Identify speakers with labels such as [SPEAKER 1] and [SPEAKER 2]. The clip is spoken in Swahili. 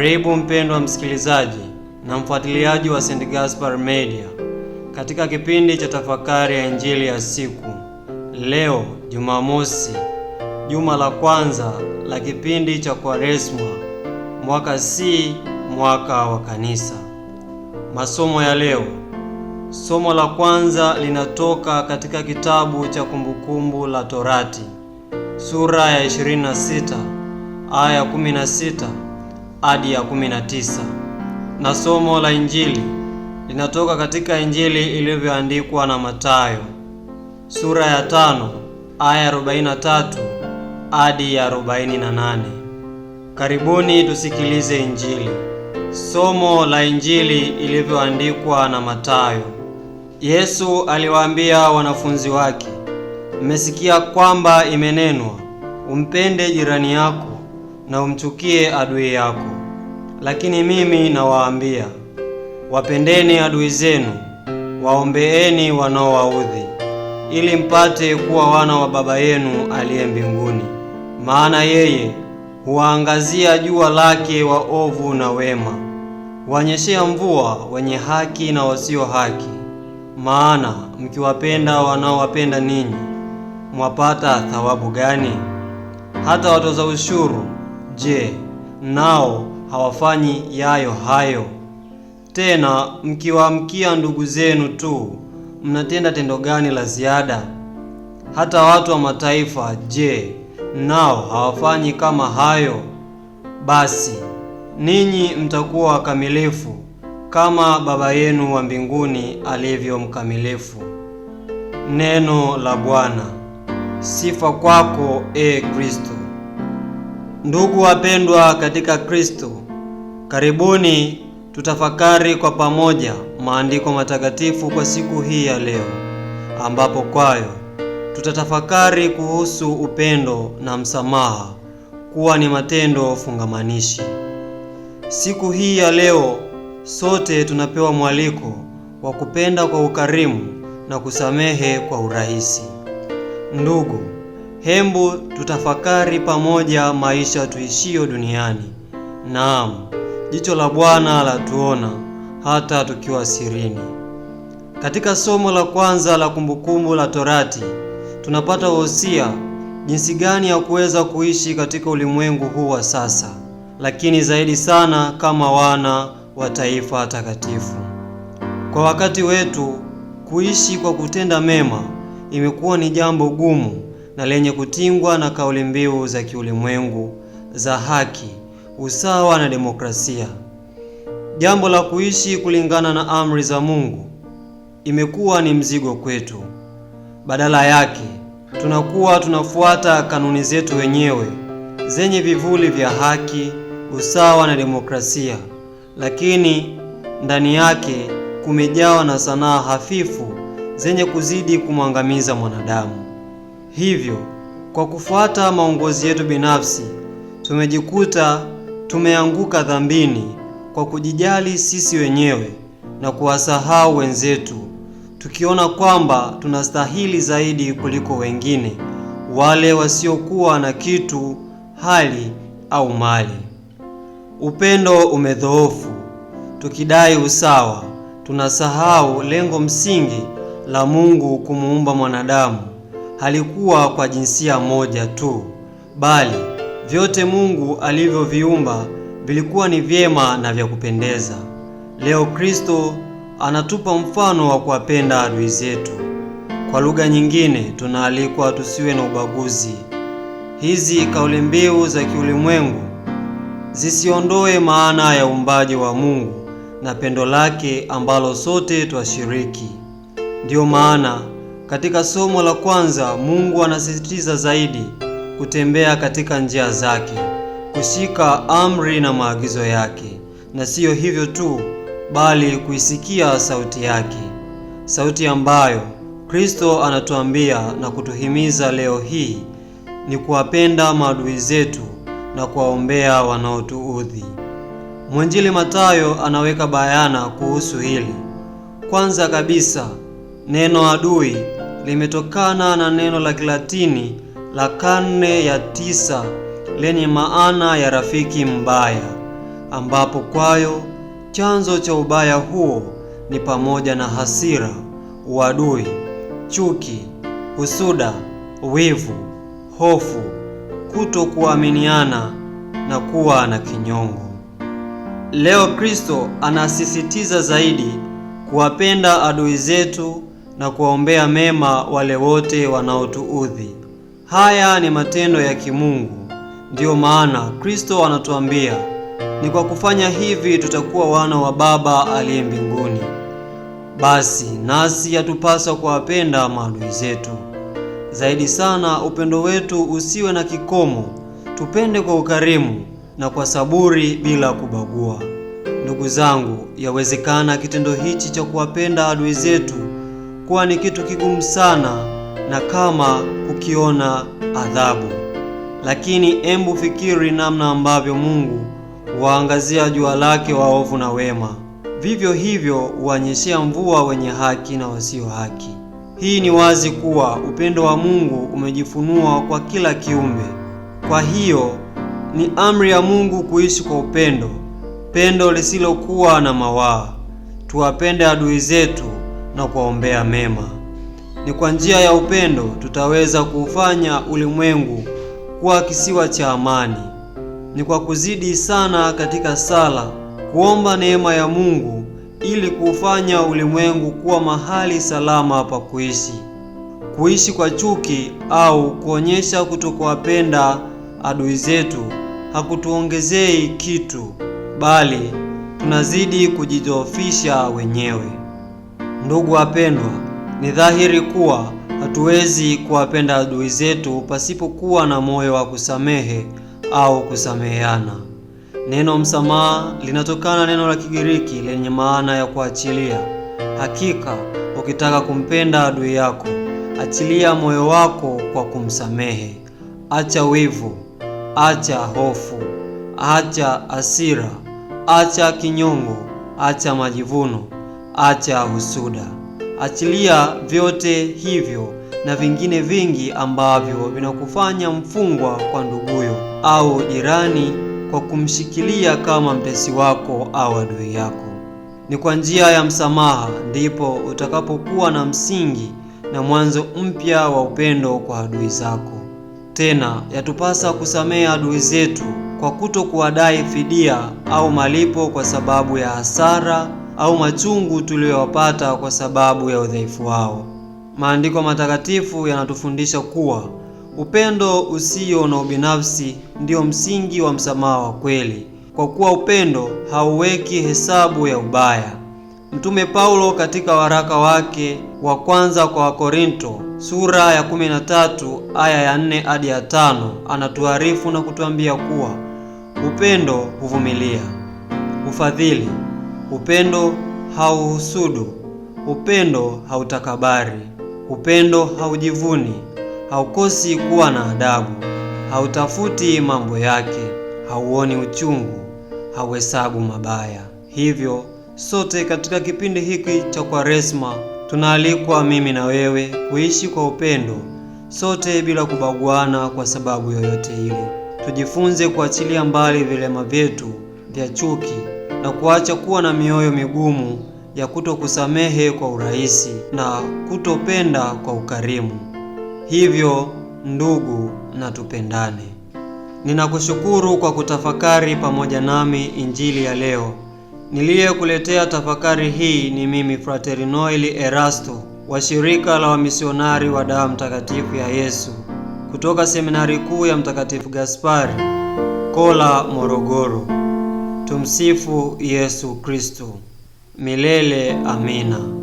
[SPEAKER 1] Karibu mpendwa msikilizaji na mfuatiliaji wa St. Gaspar Media katika kipindi cha tafakari ya injili ya siku leo, Jumamosi, juma la kwanza la kipindi cha Kwaresma mwaka C, mwaka wa Kanisa. Masomo ya leo, somo la kwanza linatoka katika kitabu cha Kumbukumbu la Torati sura ya 26 aya 16 hadi ya 19 na somo la Injili linatoka katika Injili ilivyoandikwa na Mathayo sura ya tano aya 43 hadi ya 48. Karibuni tusikilize Injili. Somo la Injili ilivyoandikwa na Mathayo. Yesu aliwaambia wanafunzi wake, mmesikia kwamba imenenwa, umpende jirani yako na umchukie adui yako. Lakini mimi nawaambia, wapendeni adui zenu, waombeeni wanaowaudhi, ili mpate kuwa wana wa Baba yenu aliye mbinguni, maana yeye huwaangazia jua lake waovu na wema, huwanyeshea mvua wenye haki na wasio haki. Maana mkiwapenda wanaowapenda ninyi mwapata thawabu gani? Hata watoza ushuru Je, nao hawafanyi yayo hayo? Tena mkiwaamkia ndugu zenu tu, mnatenda tendo gani la ziada? Hata watu wa mataifa, je, nao hawafanyi kama hayo? Basi ninyi mtakuwa wakamilifu kama Baba yenu wa mbinguni alivyo mkamilifu. Neno la Bwana. Sifa kwako, E Kristo. Ndugu wapendwa katika Kristo, karibuni tutafakari kwa pamoja maandiko matakatifu kwa siku hii ya leo, ambapo kwayo tutatafakari kuhusu upendo na msamaha kuwa ni matendo fungamanishi. Siku hii ya leo sote tunapewa mwaliko wa kupenda kwa ukarimu na kusamehe kwa urahisi. Ndugu Hembu tutafakari pamoja maisha tuishio duniani. Naam, jicho la Bwana latuona hata tukiwa sirini. Katika somo la kwanza la Kumbukumbu la Torati tunapata wosia jinsi gani ya kuweza kuishi katika ulimwengu huu wa sasa, lakini zaidi sana kama wana wa taifa takatifu. Kwa wakati wetu, kuishi kwa kutenda mema imekuwa ni jambo gumu na lenye kutingwa na kauli mbiu za kiulimwengu za haki, usawa na demokrasia. Jambo la kuishi kulingana na amri za Mungu imekuwa ni mzigo kwetu. Badala yake, tunakuwa tunafuata kanuni zetu wenyewe zenye vivuli vya haki, usawa na demokrasia, lakini ndani yake kumejawa na sanaa hafifu zenye kuzidi kumwangamiza mwanadamu. Hivyo, kwa kufuata maongozi yetu binafsi, tumejikuta tumeanguka dhambini kwa kujijali sisi wenyewe na kuwasahau wenzetu, tukiona kwamba tunastahili zaidi kuliko wengine wale wasiokuwa na kitu, hali au mali. Upendo umedhoofu. Tukidai usawa, tunasahau lengo msingi la Mungu kumuumba mwanadamu halikuwa kwa jinsia moja tu, bali vyote Mungu alivyoviumba vilikuwa ni vyema na vya kupendeza. Leo Kristo anatupa mfano wa kuwapenda adui zetu. Kwa lugha nyingine, tunaalikwa tusiwe na ubaguzi. Hizi kauli mbiu za kiulimwengu zisiondoe maana ya uumbaji wa Mungu na pendo lake ambalo sote twashiriki. Ndiyo maana katika somo la kwanza, Mungu anasisitiza zaidi kutembea katika njia zake, kushika amri na maagizo yake, na siyo hivyo tu, bali kuisikia sauti yake, sauti ambayo Kristo anatuambia na kutuhimiza leo hii ni kuwapenda maadui zetu na kuwaombea wanaotuudhi. Mwanjili Mathayo anaweka bayana kuhusu hili. Kwanza kabisa, neno adui limetokana na neno la Kilatini la karne ya tisa lenye maana ya rafiki mbaya, ambapo kwayo chanzo cha ubaya huo ni pamoja na hasira, uadui, chuki, husuda, wivu, hofu, kutokuaminiana na kuwa na kinyongo. Leo Kristo anasisitiza zaidi kuwapenda adui zetu na kuwaombea mema wale wote wanaotuudhi. Haya ni matendo ya kimungu. Ndiyo maana Kristo anatuambia ni kwa kufanya hivi tutakuwa wana wa Baba aliye mbinguni. Basi nasi yatupasa kuwapenda maadui zetu. Zaidi sana upendo wetu usiwe na kikomo, tupende kwa ukarimu na kwa saburi bila kubagua. Ndugu zangu, yawezekana kitendo hichi cha kuwapenda adui zetu kuwa ni kitu kigumu sana na kama kukiona adhabu, lakini embu fikiri namna ambavyo Mungu waangazia jua lake waovu na wema, vivyo hivyo huanyeshea mvua wenye haki na wasio haki. Hii ni wazi kuwa upendo wa Mungu umejifunua kwa kila kiumbe. Kwa hiyo ni amri ya Mungu kuishi kwa upendo, pendo lisilokuwa na mawaa. Tuwapende adui zetu na kuwaombea mema. Ni kwa njia ya upendo tutaweza kuufanya ulimwengu kuwa kisiwa cha amani. Ni kwa kuzidi sana katika sala, kuomba neema ya Mungu ili kuufanya ulimwengu kuwa mahali salama pa kuishi. Kuishi kwa chuki au kuonyesha kutokowapenda adui zetu hakutuongezei kitu, bali tunazidi kujidhoofisha wenyewe. Ndugu wapendwa, ni dhahiri kuwa hatuwezi kuwapenda adui zetu pasipokuwa na moyo wa kusamehe au kusameheana. Neno msamaha linatokana neno la Kigiriki lenye maana ya kuachilia. Hakika ukitaka kumpenda adui yako, achilia moyo wako kwa kumsamehe. Acha wivu, acha hofu, acha hasira, acha kinyongo, acha majivuno acha husuda, achilia vyote hivyo na vingine vingi ambavyo vinakufanya mfungwa kwa nduguyo au jirani, kwa kumshikilia kama mtesi wako au adui yako. Ni kwa njia ya msamaha ndipo utakapokuwa na msingi na mwanzo mpya wa upendo kwa adui zako. Tena yatupasa kusamehe adui zetu kwa kutokuwadai fidia au malipo kwa sababu ya hasara au machungu tuliyowapata kwa sababu ya udhaifu wao. Maandiko matakatifu yanatufundisha kuwa upendo usio na ubinafsi ndio msingi wa msamaha wa kweli, kwa kuwa upendo hauweki hesabu ya ubaya. Mtume Paulo katika waraka wake wa kwanza kwa Wakorinto sura ya 13 aya ya 4 hadi ya 5 anatuarifu na kutuambia kuwa upendo huvumilia, hufadhili upendo hauhusudu, upendo hautakabari, upendo haujivuni, haukosi kuwa na adabu, hautafuti mambo yake, hauoni uchungu, hauhesabu mabaya. Hivyo sote katika kipindi hiki cha Kwaresma tunaalikwa mimi na wewe kuishi kwa upendo sote bila kubaguana kwa sababu yoyote ile. Tujifunze kuachilia mbali vilema vyetu vya chuki na kuacha kuwa na mioyo migumu ya kutokusamehe kwa urahisi na kutopenda kwa ukarimu. Hivyo ndugu, na tupendane. Ninakushukuru kwa kutafakari pamoja nami injili ya leo. Niliyekuletea tafakari hii ni mimi Frateri Noel Erasto wa shirika la wamisionari wa, damu mtakatifu ya Yesu kutoka seminari kuu ya Mtakatifu Gaspari Kola, Morogoro. Tumsifu Yesu Kristo. Milele amina.